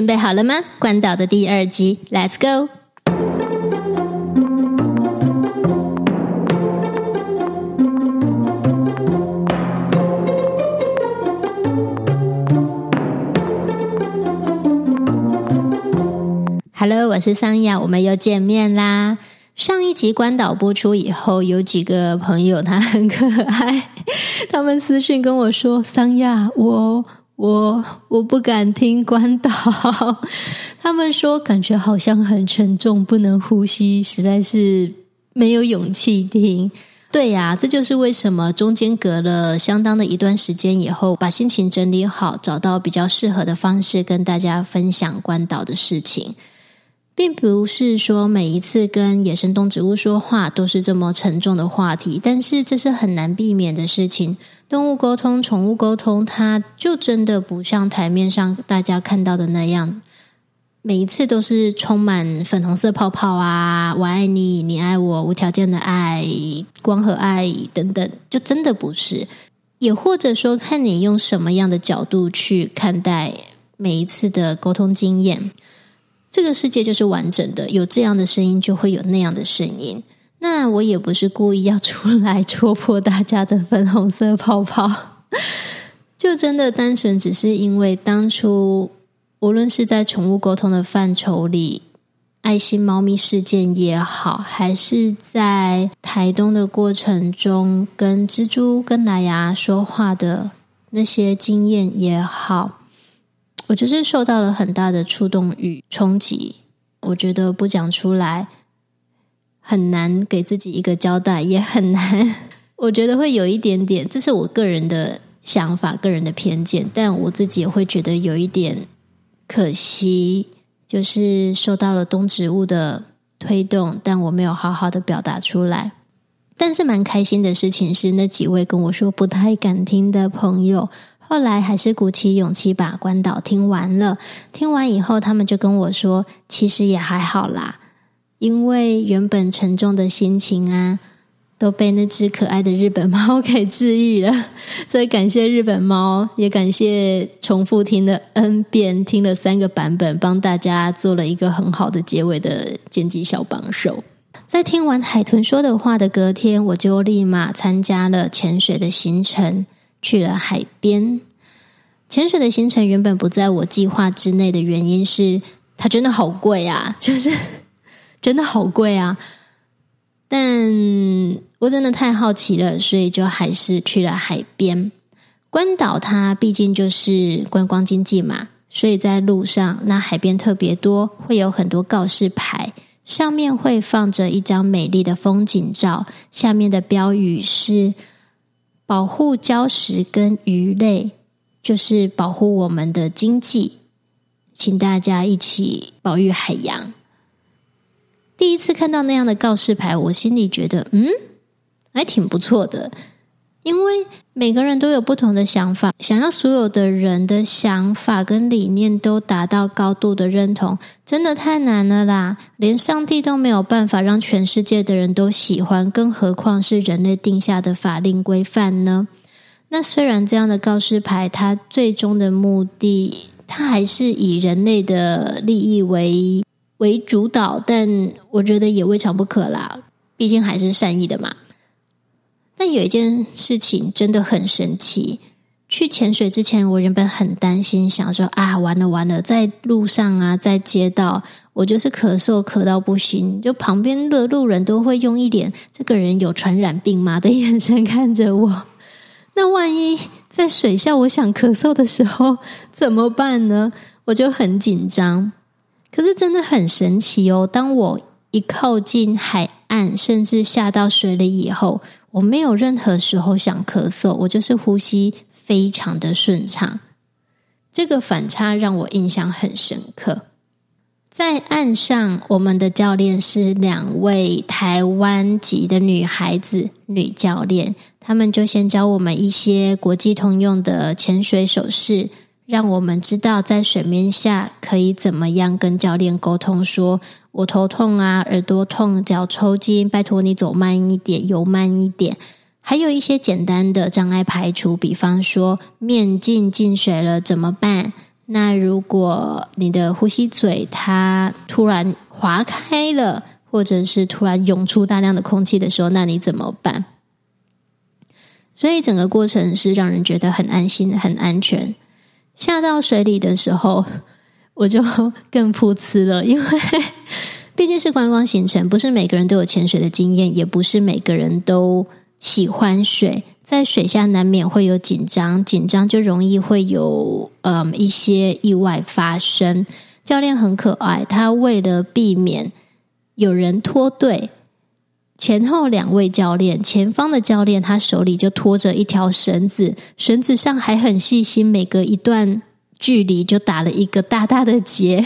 準備好了嗎？關島的第二集，Let's go！Hello，我是桑亞，我們又見面啦。上一集關島播出以後，有幾個朋友，他很可愛，他們私信跟我說：“桑亞，我。”我我不敢聽關島， 他們說，感覺好像很沉重，不能呼吸，實在是沒有勇氣聽。對呀，這就是為什麼中間隔了相當的一段時間以後，把心情整理好，找到比較適合的方式跟大家分享關島的事情。並不是說每一次跟野生動植物說話都是這麼沉重的話題，但是這是很難避免的事情。動物溝通、寵物溝通，它就真的不像台面上大家看到的那樣，每一次都是充滿粉紅色泡泡啊，我愛你，你愛我，無條件的愛、光和愛等等，就真的不是。也或者說看你用什麼樣的角度去看待每一次的溝通經驗。這個世界就是完整的，有這樣的聲音就會有那樣的聲音。那我也不是故意要出來戳破大家的粉紅色泡泡， 就真的單純只是因為當初，無論是在寵物溝通的範疇裡，愛心貓咪事件也好，還是在台東的過程中跟蜘蛛、跟奶牙說話的那些經驗也好。我就是受到了很大的觸動與衝擊，我覺得不講出來很難給自己一個交代，也很難。我覺得會有一點點，這是我個人的想法、個人的偏見，但我自己也會覺得有一點可惜，就是受到了動植物的推動，但我沒有好好的表達出來。但是蠻開心的事情是，那幾位跟我說不太敢聽的朋友。後來還是鼓起勇氣把關島聽完了。聽完以後，他們就跟我說，其實也還好啦，因為原本沉重的心情啊，都被那隻可愛的日本貓給治癒了。所以感謝日本貓，也感謝重複聽了 N 遍、聽了三個版本，幫大家做了一個很好的結尾的剪輯小幫手。在聽完海豚說的話的隔天，我就立馬參加了潛水的行程。去了海邊潛水的行程原本不在我計劃之內的原因是它真的好貴啊，就是真的好貴啊。但我真的太好奇了，所以就還是去了海邊。關島它畢竟就是觀光經濟嘛，所以在路上那海邊特別多，會有很多告示牌，上面會放着一張美麗的風景照，下面的標語是。保護礁石跟魚類，就是保護我們的經濟，請大家一起保育海洋。第一次看到那樣的告示牌，我心裡覺得，嗯，還挺不錯的。因為每個人都有不同的想法，想要所有的人的想法跟理念都達到高度的認同，真的太難了啦！連上帝都沒有辦法讓全世界的人都喜歡，更何況是人類定下的法令規範呢？那雖然這樣的告示牌，它最終的目的，它還是以人類的利益為為主導，但我覺得也未嘗不可啦，畢竟還是善意的嘛。但有一件事情真的很神奇。去潛水之前，我原本很擔心，想說啊，完了完了，在路上啊，在街道，我就是咳嗽咳到不行，就旁邊的路人都會用一臉“這個人有傳染病嗎”的眼神看着我。那萬一在水下，我想咳嗽的時候怎麼辦呢？我就很緊張。可是真的很神奇哦，當我一靠近海岸，甚至下到水裡以後。我沒有任何時候想咳嗽，我就是呼吸非常的順暢。這個反差讓我印象很深刻。在岸上，我們的教練是兩位台灣籍的女孩子，女教練，她們就先教我們一些國際通用的潛水手勢，讓我們知道在水面下可以怎麼樣跟教練溝通說。我頭痛啊，耳朵痛，腳抽筋，拜託你走慢一點，游慢一點。還有一些簡單的障礙排除，比方說面鏡進水了怎麼辦？那如果你的呼吸嘴它突然滑開了，或者是突然湧出大量的空氣的時候，那你怎麼辦？所以整個過程是讓人覺得很安心、很安全。下到水裡的時候。我就更噗呲了，因為畢竟是觀光行程，不是每個人都有潛水的經驗，也不是每個人都喜歡水，在水下難免會有緊張，緊張就容易會有嗯一些意外發生。教練很可愛，他為了避免有人脫隊，前後兩位教練，前方的教練他手裡就拖着一條繩子，繩子上還很細心，每隔一段。距離就打了一個大大的結，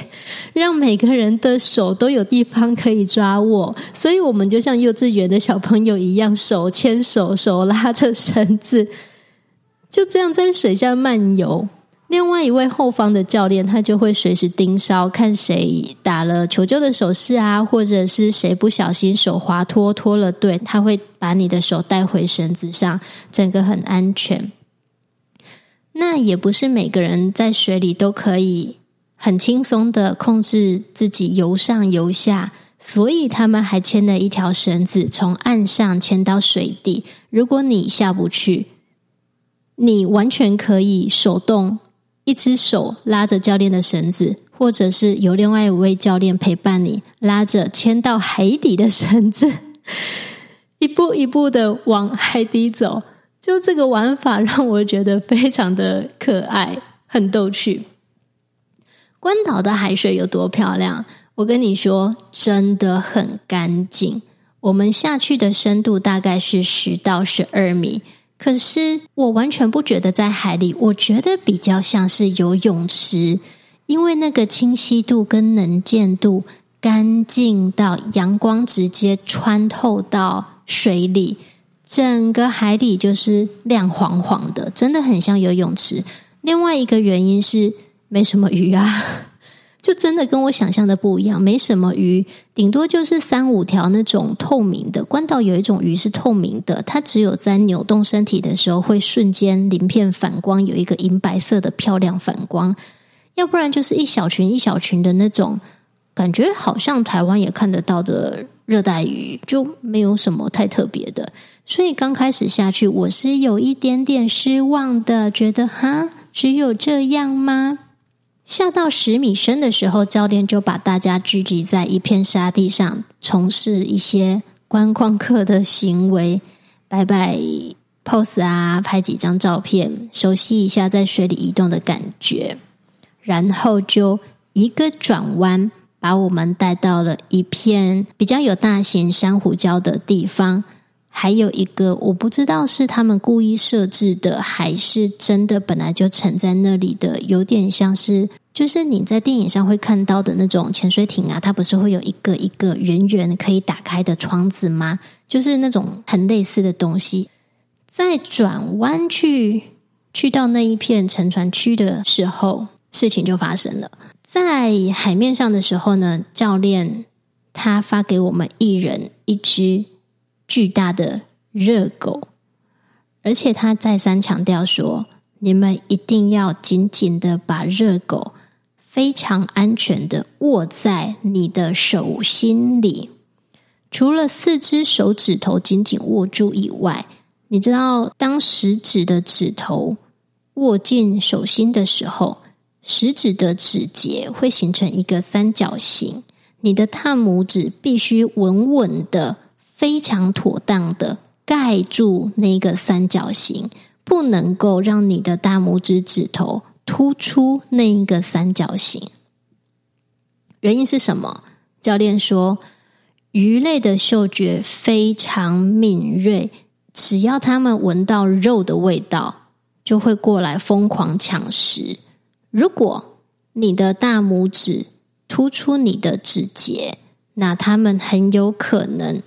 讓每個人的手都有地方可以抓握，所以我們就像幼稚園的小朋友一樣，手牽手，手拉着繩子，就這樣在水下漫遊。另外一位後方的教練，他就會隨時盯梢，看誰打了求救的手勢啊，或者是誰不小心手滑脫脫了隊，他會把你的手帶回繩子上，整個很安全。那也不是每個人在水裡都可以很輕鬆的控制自己游上游下，所以他們還牽了一條繩子從岸上牽到水底。如果你下不去，你完全可以手動一只手拉着教練的繩子，或者是由另外五位教練陪伴你拉着牽到海底的繩子，一步一步的往海底走。就這個玩法讓我覺得非常的可愛，很逗趣。關島的海水有多漂亮？我跟你說，真的很乾淨。我們下去的深度大概是十到十二米，可是我完全不覺得在海裡，我覺得比較像是游泳池，因為那個清晰度跟能見度乾淨到陽光直接穿透到水裡。整個海底就是亮晃晃的，真的很像游泳池。另外一個原因是沒什麼魚啊，就真的跟我想象的不一樣，沒什麼魚，頂多就是三五條那種透明的。關島有一種魚是透明的，它只有在扭動身體的時候會瞬間鱗片反光，有一個銀白色的漂亮反光。要不然就是一小群一小群的那種，感覺好像台灣也看得到的熱帶魚，就沒有什麼太特別的。所以剛開始下去，我是有一點點失望的，覺得哈，只有這樣嗎？下到十米深的時候，教練就把大家聚集在一片沙地上，從事一些觀光客的行為，擺擺 pose 啊，拍幾張照片，熟悉一下在水裡移動的感覺。然後就一個轉彎，把我們帶到了一片比較有大型珊瑚礁的地方。還有一個，我不知道是他們故意設置的，還是真的本來就沉在那裡的，有點像是，就是你在電影上會看到的那種潛水艇啊，它不是會有一個一個圓圓可以打開的窗子嗎？就是那種很類似的東西。在轉彎去去到那一片沉船區的時候，事情就發生了。在海面上的時候呢，教練他發給我們一人一隻。巨大的熱狗，而且他再三強調說：“你們一定要緊緊的把熱狗非常安全的握在你的手心裡，除了四隻手指頭緊緊握住以外，你知道，當食指的指頭握進手心的時候，食指的指節會形成一個三角形，你的大拇指必須穩穩的。”非常妥當的蓋住那個三角形，不能夠讓你的大拇指指頭突出那一個三角形。原因是什麼？教練說，魚類的嗅覺非常敏銳，只要他們聞到肉的味道，就會過來瘋狂搶食。如果你的大拇指突出你的指節，那他們很有可能。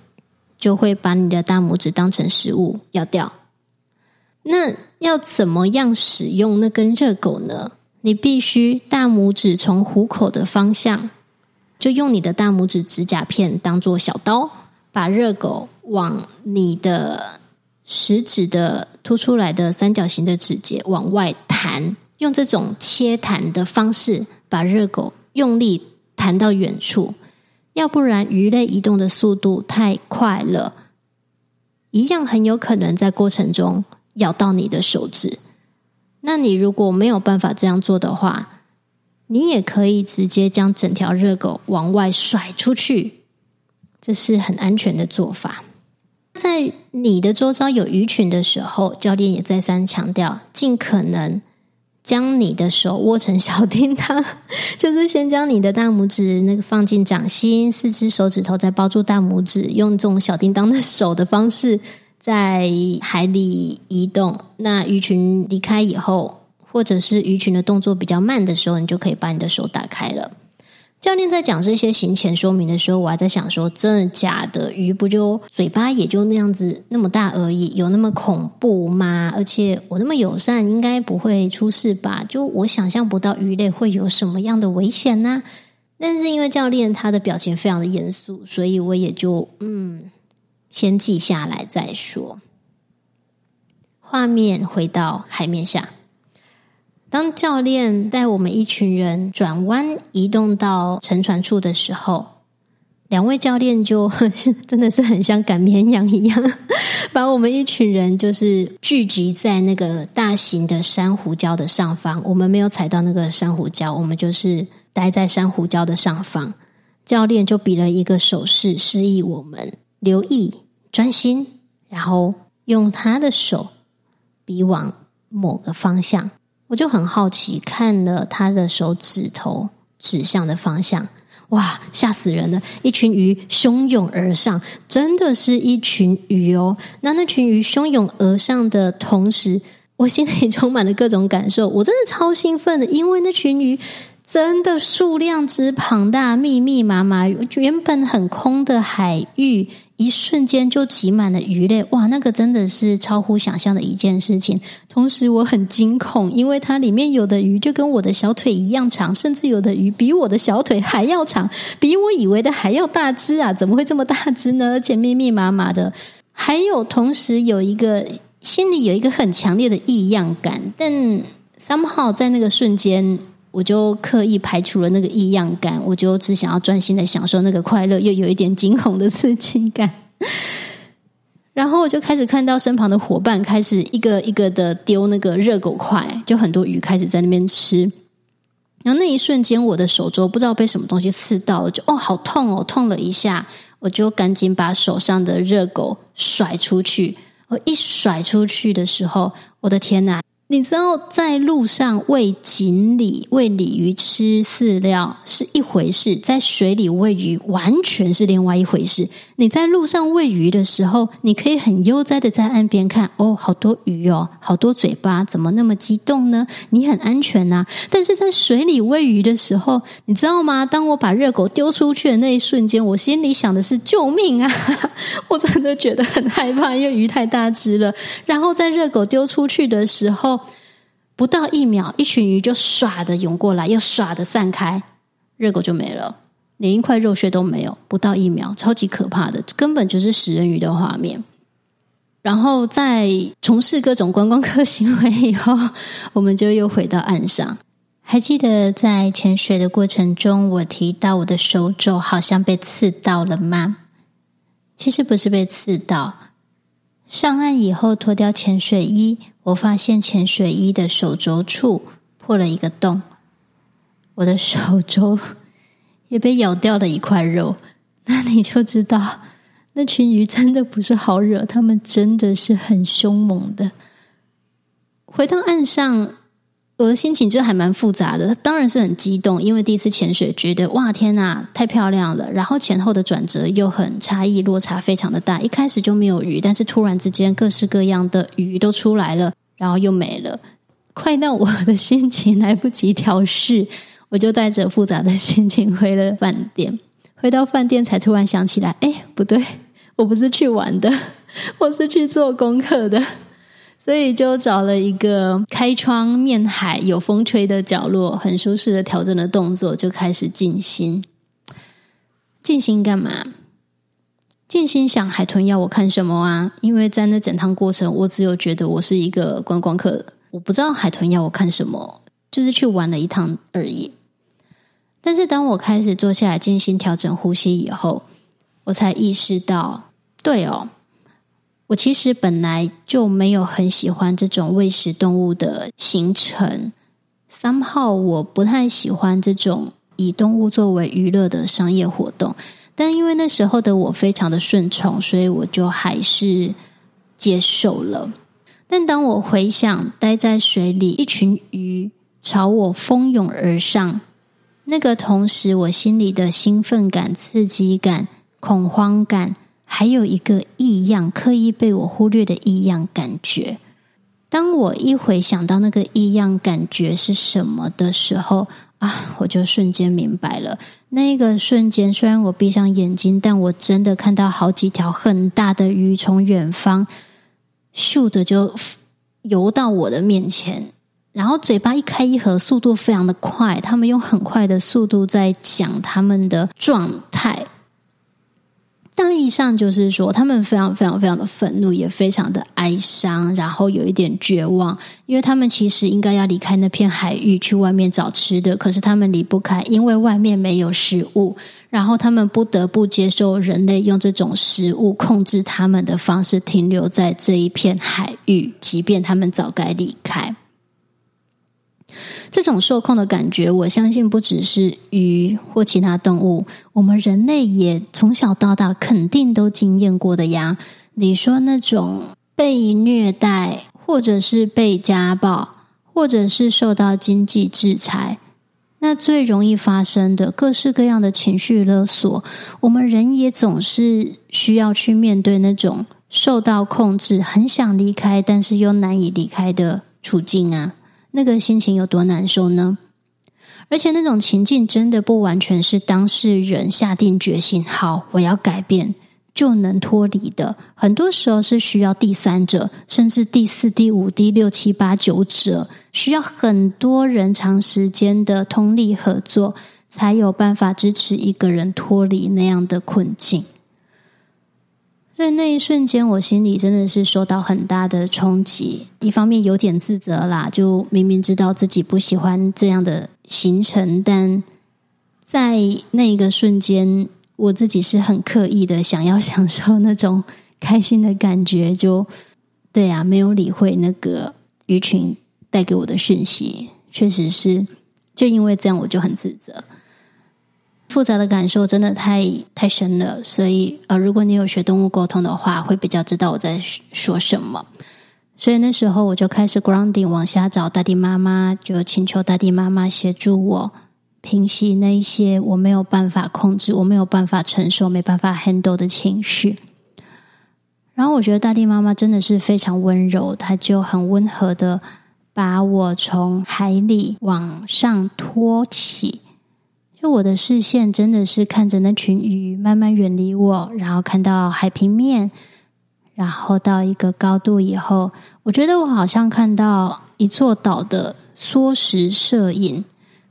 就會把你的大拇指當成食物咬掉。那要怎麼樣使用那根熱狗呢？你必須大拇指從虎口的方向，就用你的大拇指指甲片當做小刀，把熱狗往你的食指的突出來的三角形的指節往外彈，用這種切彈的方式把熱狗用力彈到遠處。要不然，魚類移動的速度太快了，一樣很有可能在過程中咬到你的手指。那你如果沒有辦法這樣做的話，你也可以直接將整條熱狗往外甩出去，這是很安全的做法。在你的周遭有魚群的時候，教練也再三強調，盡可能。將你的手握成小叮噹，就是先將你的大拇指那個放進掌心，四隻手指頭再包住大拇指，用這種小叮噹的手的方式在海裡移動。那魚群離開以後，或者是魚群的動作比較慢的時候，你就可以把你的手打開了。教練在講這些行前說明的時候，我還在想說：真的假的？魚不就嘴巴也就那樣子那麼大而已，有那麼恐怖嗎？而且我那麼友善，應該不會出事吧？就我想象不到魚類會有什麼樣的危險呢、啊。但是因為教練他的表情非常的嚴肅，所以我也就嗯，先記下來再說。畫面回到海面下。當教練帶我們一群人轉彎移動到沉船處的時候，兩位教練就真的是很像趕綿羊一樣，把我們一群人就是聚集在那個大型的珊瑚礁的上方。我們沒有踩到那個珊瑚礁，我們就是待在珊瑚礁的上方。教練就比了一個手勢，示意我們留意、專心，然後用他的手比往某個方向。我就很好奇，看了他的手指頭指向的方向，哇，嚇死人了！一群魚洶湧而上，真的是一群魚哦。那那群魚洶湧而上的同時，我心裡充滿了各種感受，我真的超興奮的，因為那群魚。真的數量之龐大，密密麻麻，原本很空的海域，一瞬間就擠滿了魚類。哇，那個真的是超乎想象的一件事情。同時，我很驚恐，因為它裡面有的魚就跟我的小腿一樣長，甚至有的魚比我的小腿還要長，比我以為的還要大隻啊！怎麼會這麼大隻呢？而且密密麻麻的，還有同時有一個心裡有一個很強烈的異樣感，但 somehow 在那個瞬間。我就刻意排除了那個異樣感，我就只想要專心的享受那個快樂，又有一點驚恐的刺激感。然後我就開始看到身旁的夥伴開始一個一個的丟那個熱狗塊，就很多魚開始在那邊吃。然後那一瞬間，我的手肘不知道被什麼東西刺到了，就哦好痛哦，痛了一下，我就趕緊把手上的熱狗甩出去。我一甩出去的時候，我的天哪！你知道，在路上餵錦鯉、餵鯉魚吃飼料是一回事，在水裡餵魚完全是另外一回事。你在路上餵魚的時候，你可以很悠哉的在岸邊看，哦，好多魚哦，好多嘴巴，怎麼那麼激動呢？你很安全吶、啊。但是在水裡餵魚的時候，你知道嗎？當我把熱狗丟出去的那一瞬間，我心裡想的是救命啊！ 我真的覺得很害怕，因為魚太大只了。然後在熱狗丟出去的時候。不到一秒，一群魚就唰的湧過來，又唰的散開，熱狗就沒了，連一塊肉屑都沒有。不到一秒，超級可怕的，根本就是食人魚的畫面。然後在從事各種觀光客行為以後，我們就又回到岸上。還記得在潛水的過程中，我提到我的手肘好像被刺到了嗎？其實不是被刺到，上岸以後脫掉潛水衣。我發現潛水衣的手肘處破了一個洞，我的手肘也被咬掉了一塊肉。那你就知道，那群魚真的不是好惹，他們真的是很兇猛的。回到岸上。我的心情就還蠻複雜的，當然是很激動，因為第一次潛水，覺得哇天吶，太漂亮了。然後前後的轉折又很差異，落差非常的大。一開始就沒有魚，但是突然之間各式各樣的魚都出來了，然後又沒了，快到我的心情來不及調適，我就帶着複雜的心情回了飯店。回到飯店才突然想起來，誒，不對，我不是去玩的，我是去做功課的。所以就找了一個開窗面海、有風吹的角落，很舒適的調整的動作，就開始靜心。靜心幹嘛？靜心想海豚要我看什麼啊？因為在那整趟過程，我只有覺得我是一個觀光客，我不知道海豚要我看什麼，就是去玩了一趟而已。但是當我開始坐下來靜心調整呼吸以後，我才意識到，對哦。我其實本來就沒有很喜歡這種餵食動物的行程。Somehow，我不太喜歡這種以動物作為娛樂的商業活動，但因為那時候的我非常的順從，所以我就還是接受了。但當我回想待在水裡，一群魚朝我蜂擁而上，那個同時我心裡的興奮感、刺激感、恐慌感。還有一個異樣，刻意被我忽略的異樣感覺。當我一回想到那個異樣感覺是什麼的時候，啊，我就瞬間明白了。那個瞬間，雖然我閉上眼睛，但我真的看到好幾條很大的魚從遠方咻的就游到我的面前，然後嘴巴一開一合，速度非常的快。他們用很快的速度在講他們的狀態。大意上就是說，他們非常非常非常的憤怒，也非常的哀傷，然後有一點絕望，因為他們其實應該要離開那片海域去外面找吃的，可是他們離不開，因為外面沒有食物，然後他們不得不接受人類用這種食物控制他們的方式，停留在這一片海域，即便他們早該離開。這種受控的感覺，我相信不只是魚或其他動物，我們人類也從小到大肯定都經驗過的呀。你說那種被虐待，或者是被家暴，或者是受到經濟制裁，那最容易發生的各式各樣的情緒勒索，我們人也總是需要去面對那種受到控制、很想離開，但是又難以離開的處境啊。那個心情有多難受呢？而且那種情境真的不完全是當事人下定決心“好，我要改變”就能脫離的。很多時候是需要第三者，甚至第四、第五、第六、七、八、九者，需要很多人長時間的通力合作，才有辦法支持一個人脫離那樣的困境。在那一瞬間，我心裡真的是受到很大的衝擊。一方面有點自責啦，就明明知道自己不喜歡這樣的行程，但在那一個瞬間，我自己是很刻意的想要享受那種開心的感覺。就對啊，沒有理會那個魚群帶給我的訊息，確實是，就因為這樣，我就很自責。複雜的感受真的太太深了，所以呃，如果你有學動物溝通的話，會比較知道我在說什麼。所以那時候我就開始 grounding，往下找大地媽媽，就請求大地媽媽協助我平息那一些我沒有辦法控制、我沒有辦法承受、沒辦法 handle 的情緒。然後我覺得大地媽媽真的是非常溫柔，她就很溫和的把我從海裡往上托起。我的視線真的是看着那群魚慢慢遠離我，然後看到海平面，然後到一個高度以後，我覺得我好像看到一座島的縮時攝影。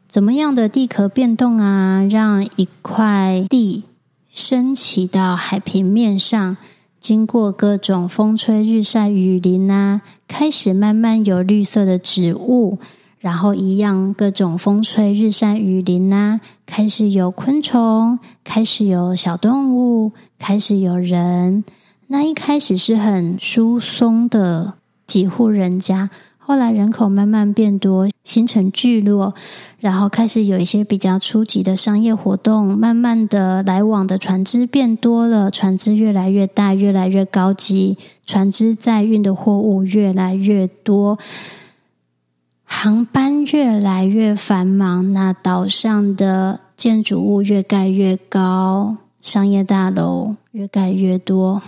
怎麼樣的地殼變動啊，讓一塊地升起到海平面上，經過各種風吹日曬雨淋啊，開始慢慢有綠色的植物。然後一樣，各種風吹日曬雨淋啊，開始有昆蟲，開始有小動物，開始有人。那一開始是很疏鬆的幾戶人家，後來人口慢慢變多，形成聚落，然後開始有一些比較初級的商業活動。慢慢的，來往的船只變多了，船只越來越大，越來越高級，船只載運的貨物越來越多。航班越來越繁忙，那島上的建築物越蓋越高，商業大樓越蓋越多。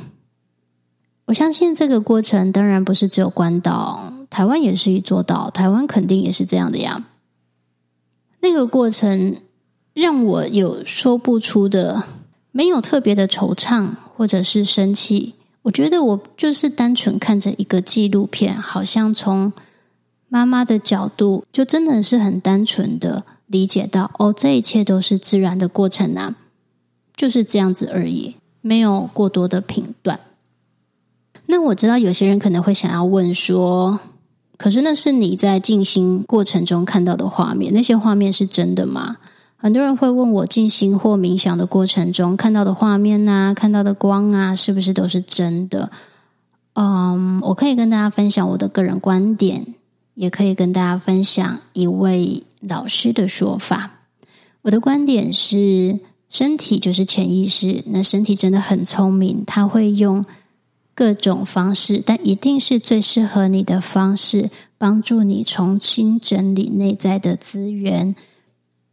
我相信這個過程當然不是只有關島，台灣也是一座島，台灣肯定也是這樣的呀。那個過程讓我有說不出的，沒有特別的惆悵或者是生氣，我覺得我就是單純看着一個紀錄片，好像從。媽媽的角度就真的是很單純的理解到哦，這一切都是自然的過程啊，就是這樣子而已，沒有過多的評斷。那我知道有些人可能會想要問說，可是那是你在靜心過程中看到的畫面，那些畫面是真的嗎？很多人會問我，靜心或冥想的過程中看到的畫面啊、看到的光啊，是不是都是真的？嗯，我可以跟大家分享我的個人觀點。也可以跟大家分享一位老師的說法。我的觀點是，身體就是潛意識。那身體真的很聰明，它會用各種方式，但一定是最適合你的方式，幫助你重新整理內在的資源，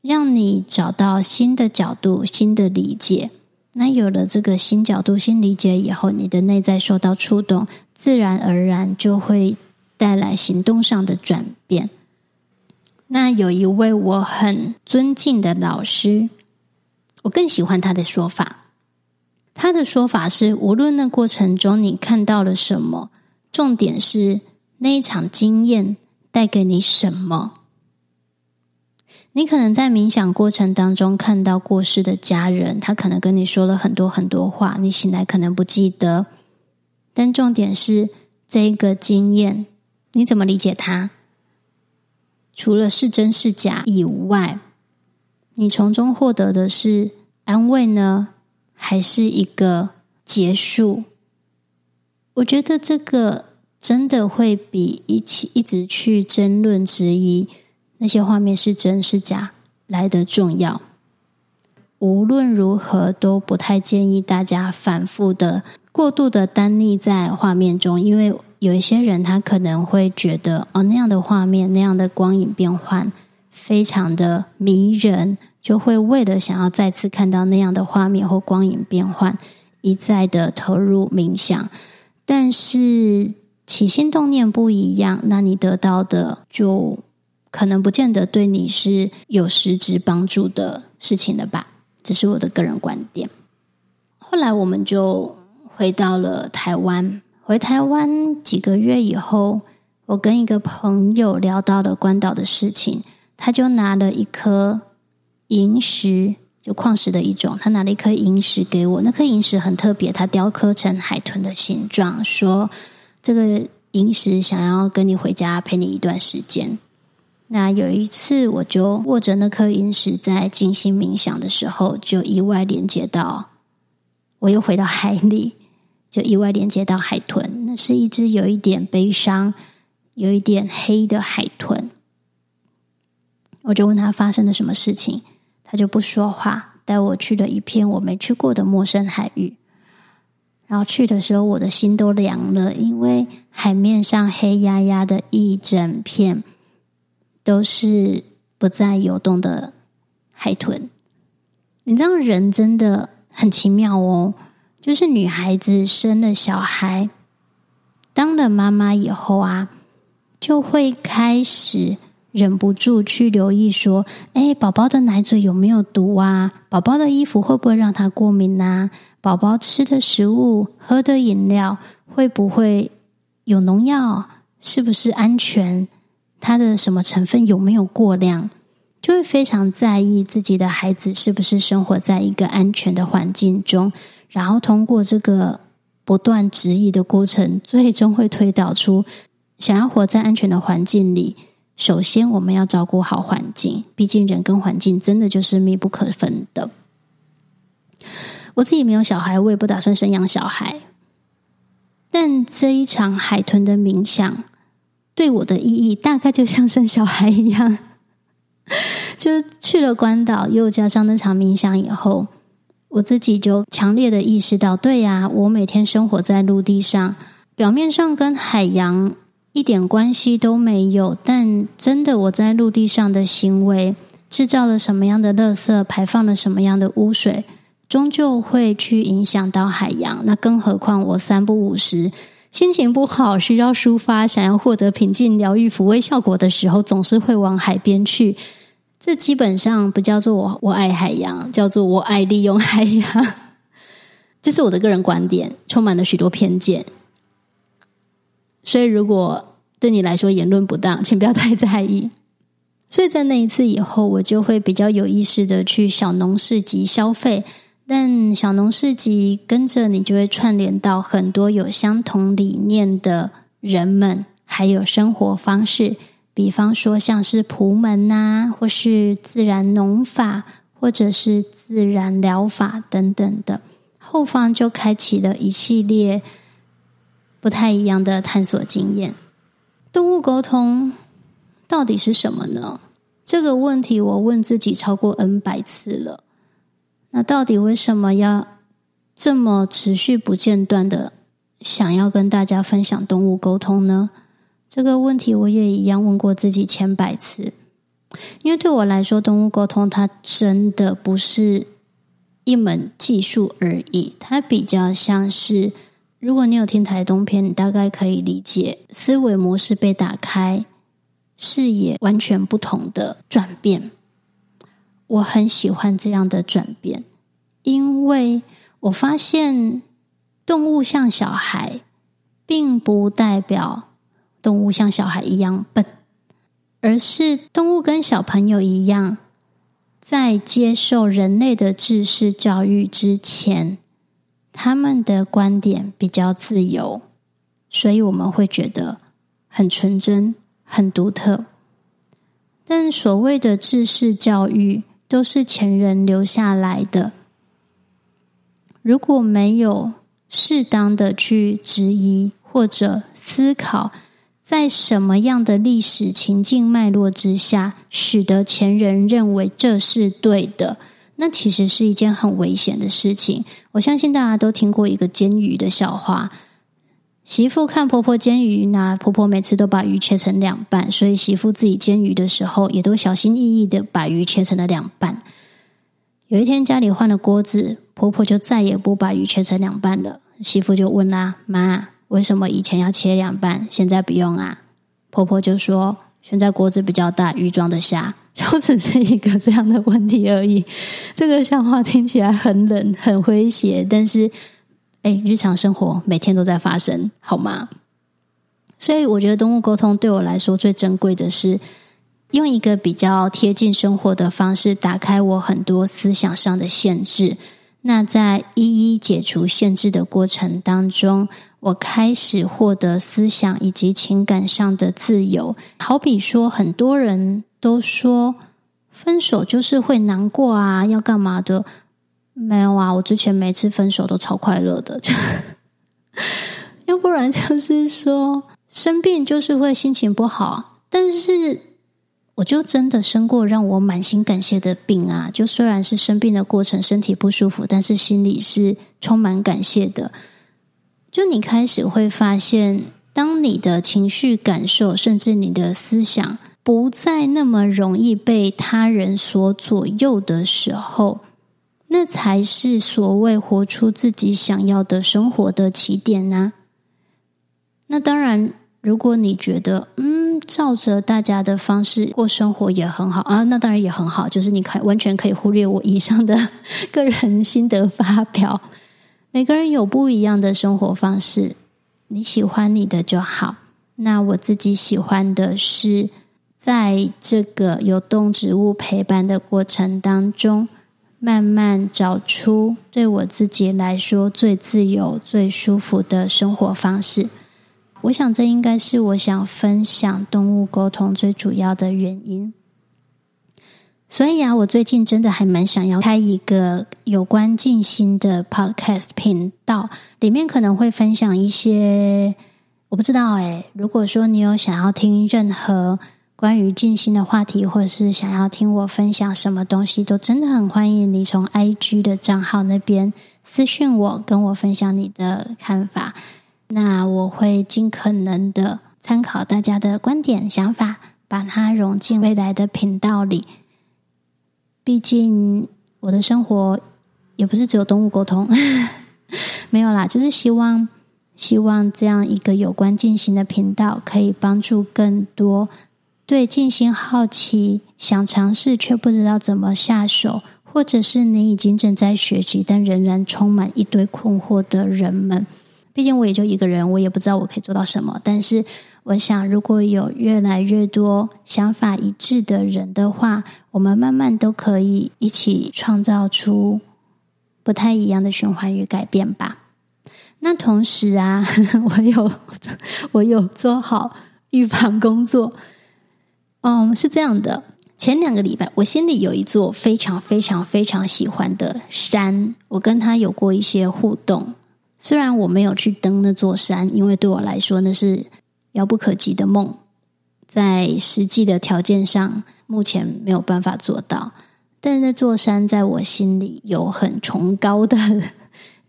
讓你找到新的角度、新的理解。那有了這個新角度、新理解以後，你的內在受到觸動，自然而然就會帶來行動上的轉變。那有一位我很尊敬的老師，我更喜歡他的說法。他的說法是：無論那過程中你看到了什麼，重點是那一場經驗帶給你什麼。你可能在冥想過程當中看到過世的家人，他可能跟你說了很多很多話，你醒來可能不記得，但重點是這個經驗。你怎麼理解它？除了是真是假以外，你從中獲得的是安慰呢，還是一個結束？我覺得這個真的會比一起一直去爭論質疑那些畫面是真是假來得重要。無論如何，都不太建議大家反覆的、過度的耽溺在畫面中，因為。有一些人，他可能會覺得哦，那樣的畫面、那樣的光影變幻非常的迷人，就會為了想要再次看到那樣的畫面或光影變幻，一再的投入冥想。但是起心動念不一樣，那你得到的就可能不見得對你是有實質幫助的事情了吧。這是我的個人觀點。後來我們就回到了台灣。回台灣幾個月以後，我跟一個朋友聊到了關島的事情，他就拿了一顆螢石，就礦石的一種，他拿了一顆螢石給我。那顆螢石很特別，它雕刻成海豚的形狀，說這個螢石想要跟你回家陪你一段時間。那有一次，我就握着那顆螢石在靜心冥想的時候，就意外連接到我又回到海裡。就意外連接到海豚，那是一隻有一點悲傷、有一點黑的海豚。我就問他發生了什麼事情，他就不說話，帶我去了一片我沒去過的陌生海域。然後去的時候，我的心都涼了，因為海面上黑壓壓的一整片都是不再游動的海豚。你知道，人真的很奇妙哦。就是女孩子生了小孩，當了媽媽以後啊，就會開始忍不住去留意說，哎，寶寶的奶嘴有沒有毒啊？寶寶的衣服會不會讓她過敏啊？寶寶吃的食物、喝的飲料會不會有農藥？是不是安全？它的什麼成分有沒有過量？就會非常在意自己的孩子是不是生活在一個安全的環境中。然後通過這個不斷質疑的過程，最終會推導出，想要活在安全的環境裡，首先我們要照顧好環境。畢竟人跟環境真的就是密不可分的。我自己沒有小孩，我也不打算生養小孩。但這一場海豚的冥想對我的意義，大概就像生小孩一樣。就去了關島，又加上那場冥想以後。我自己就強烈的意識到，對呀，我每天生活在陸地上，表面上跟海洋一點關係都沒有，但真的我在陸地上的行為制造了什麼樣的垃圾，排放了什麼樣的污水，終究會去影響到海洋。那更何況我三不五時心情不好，需要抒發，想要獲得平靜、療癒、撫慰效果的時候，總是會往海邊去。這基本上不叫做我我愛海洋，叫做我愛利用海洋。這是我的個人觀點，充滿了許多偏見。所以，如果對你來說言論不當，請不要太在意。所以在那一次以後，我就會比較有意識地去小農市集消費，但小農市集跟着你就會串聯到很多有相同理念的人們，還有生活方式。比方說，像是普門吶、啊，或是自然農法，或者是自然療法等等的，後方就開啟了一系列不太一樣的探索經驗。動物溝通到底是什麼呢？這個問題我問自己超過 N 百次了。那到底為什麼要這麼持續不間斷的想要跟大家分享動物溝通呢？這個問題我也一樣問過自己千百次，因為對我來說，動物溝通它真的不是一門技術而已，它比較像是，如果你有聽台東篇，你大概可以理解思維模式被打開，視野完全不同的轉變。我很喜歡這樣的轉變，因為我發現動物像小孩，並不代表，動物像小孩一樣笨，而是動物跟小朋友一樣，在接受人類的知識教育之前，他們的觀點比較自由，所以我們會覺得很純真、很獨特。但所謂的知識教育都是前人留下來的，如果沒有適當的去質疑或者思考，在什麼樣的歷史情境脈絡之下，使得前人認為這是對的？那其實是一件很危險的事情。我相信大家都聽過一個煎魚的笑話：媳婦看婆婆煎魚，那婆婆每次都把魚切成兩半，所以媳婦自己煎魚的時候，也都小心翼翼地把魚切成了兩半。有一天家裡換了鍋子，婆婆就再也不把魚切成兩半了。媳婦就問啦、啊：「媽。為什麼以前要切兩半，現在不用啊？婆婆就說：“現在鍋子比較大，魚裝得下，就只是一個這樣的問題而已。”這個笑話聽起來很冷、很詼諧，但是，哎，日常生活每天都在發生，好嗎？所以，我覺得動物溝通對我來說最珍貴的是，用一個比較貼近生活的方式，打開我很多思想上的限制。那在一一解除限制的過程當中，我開始獲得思想以及情感上的自由。好比說，很多人都說分手就是會難過啊，要幹嘛的？沒有啊，我之前每次分手都超快樂的， 要不然就是說生病就是會心情不好，但是。我就真的生過讓我滿心感謝的病啊！就雖然是生病的過程，身體不舒服，但是心裡是充滿感謝的。就你開始會發現，當你的情緒感受，甚至你的思想不再那麼容易被他人所左右的時候，那才是所謂活出自己想要的生活的起點呢啊。那當然，如果你覺得嗯。照着大家的方式過生活也很好啊，那當然也很好。就是你可完全可以忽略我以上的個人心得發表。每個人有不一樣的生活方式，你喜歡你的就好。那我自己喜歡的是，在這個有動植物陪伴的過程當中，慢慢找出對我自己來說最自由、最舒服的生活方式。我想，這應該是我想分享動物溝通最主要的原因。所以啊，我最近真的還蠻想要開一個有關靜心的 podcast 頻道，裡面可能會分享一些我不知道、欸。誒，如果說你有想要聽任何關於靜心的話題，或者是想要聽我分享什麼東西，都真的很歡迎你從 IG 的賬號那邊私訊我，跟我分享你的看法。那我會盡可能的參考大家的觀點、想法，把它融進未來的頻道裡。畢竟我的生活也不是只有動物溝通， 沒有啦，就是希望希望這樣一個有關靜心的頻道，可以幫助更多對靜心好奇、想嘗試卻不知道怎麼下手，或者是你已經正在學習但仍然充滿一堆困惑的人們。畢竟我也就一個人，我也不知道我可以做到什麼。但是，我想如果有越來越多想法一致的人的話，我們慢慢都可以一起創造出不太一樣的循環與改變吧。那同時啊，我有我有做好預防工作。嗯，是這樣的，前兩個禮拜我心裡有一座非常非常非常喜歡的山，我跟他有過一些互動。雖然我沒有去登那座山，因為對我來說那是遙不可及的夢，在實際的條件上目前沒有辦法做到。但是那座山在我心裡有很崇高的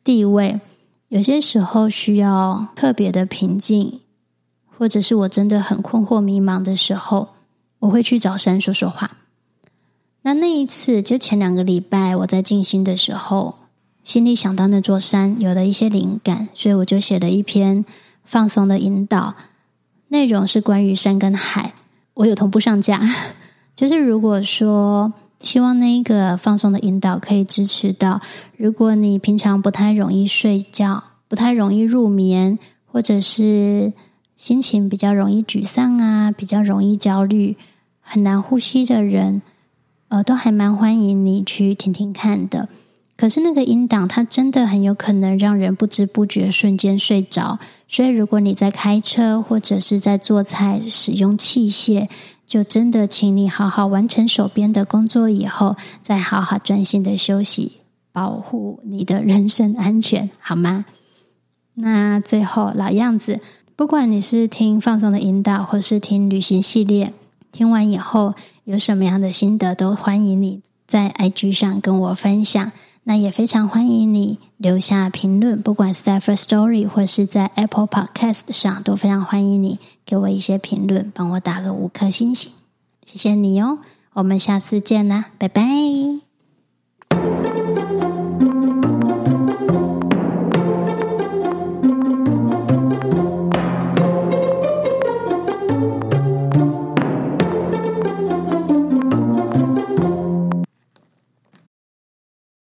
地位，有些時候需要特別的平靜，或者是我真的很困惑、迷茫的時候，我會去找山說說話。那那一次就前兩個禮拜我在靜心的時候，心裡想到那座山，有了一些靈感，所以我就寫了一篇放鬆的引導，內容是關於山跟海。我有同步上架， 就是如果說希望那一個放鬆的引導可以支持到，如果你平常不太容易睡覺、不太容易入眠，或者是心情比較容易沮喪啊、比較容易焦慮、很難呼吸的人，呃，都還蠻歡迎你去聽聽看的。可是那個音檔，它真的很有可能讓人不知不覺瞬間睡着。所以，如果你在開車或者是在做菜使用器械，就真的請你好好完成手邊的工作以後，再好好專心的休息，保護你的人身安全，好嗎？那最後老樣子，不管你是聽放鬆的引導，或是聽旅行系列，聽完以後有什麼樣的心得，都歡迎你在 IG 上跟我分享。那也非常歡迎你留下評論，不管是在 Firstory 或是在 Apple Podcast 上，都非常歡迎你給我一些評論，幫我打個五顆星星，謝謝你哦，我們下次見啦，拜拜。